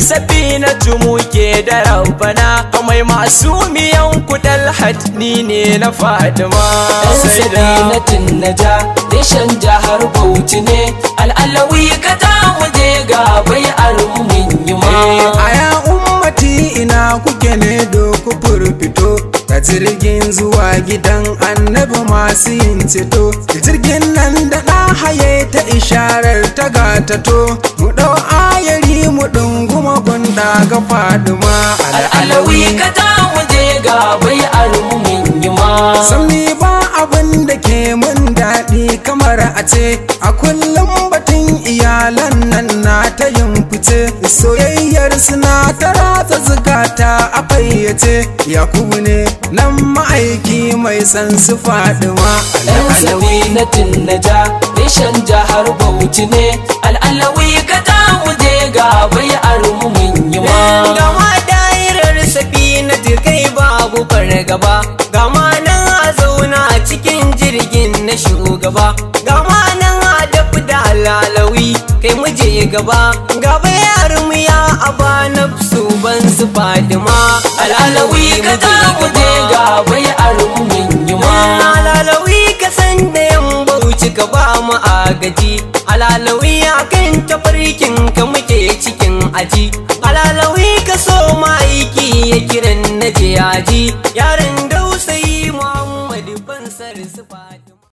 sabi na ke da rabbana mai miyan kudal hadni ne na fatima sai na naja nishan jahar bauchi ne al'alawi ka ta waje ga bai arumin yi ma eh, aya ummati ina kuke ne do ku furfito ta jirgin zuwa gidan annabi masu yin ceto jirgin nan da haye ta isharar ta gatato mu ɗau ayari mu ɗungu na ga faduma al'alawi ka ta waje ga bai alumin yima sami ba abin da ke mun daɗi kamar a ce a kullum batun iyalan nan na ta yin fice soyayyar suna tara ta zuga zukata a fayyace kubu ne nan ma'aiki mai san su faduma al'alawi na tinnaja nishan jihar bauchi ne al'alawi ka ta waje ga bai gaba gama nan a zauna a cikin jirgin na shugaba gama nan a dafi da lalawi kai muje gaba gaba mu ya aba su ban su fadima alalawi ka ta guje gaba mu arumin yima alalawi ka san da yan ka ba mu agaji alalawi tafarkin ka muke cikin aji alalawi ka so ma'aiki ya kiran na aji ya Seu pai.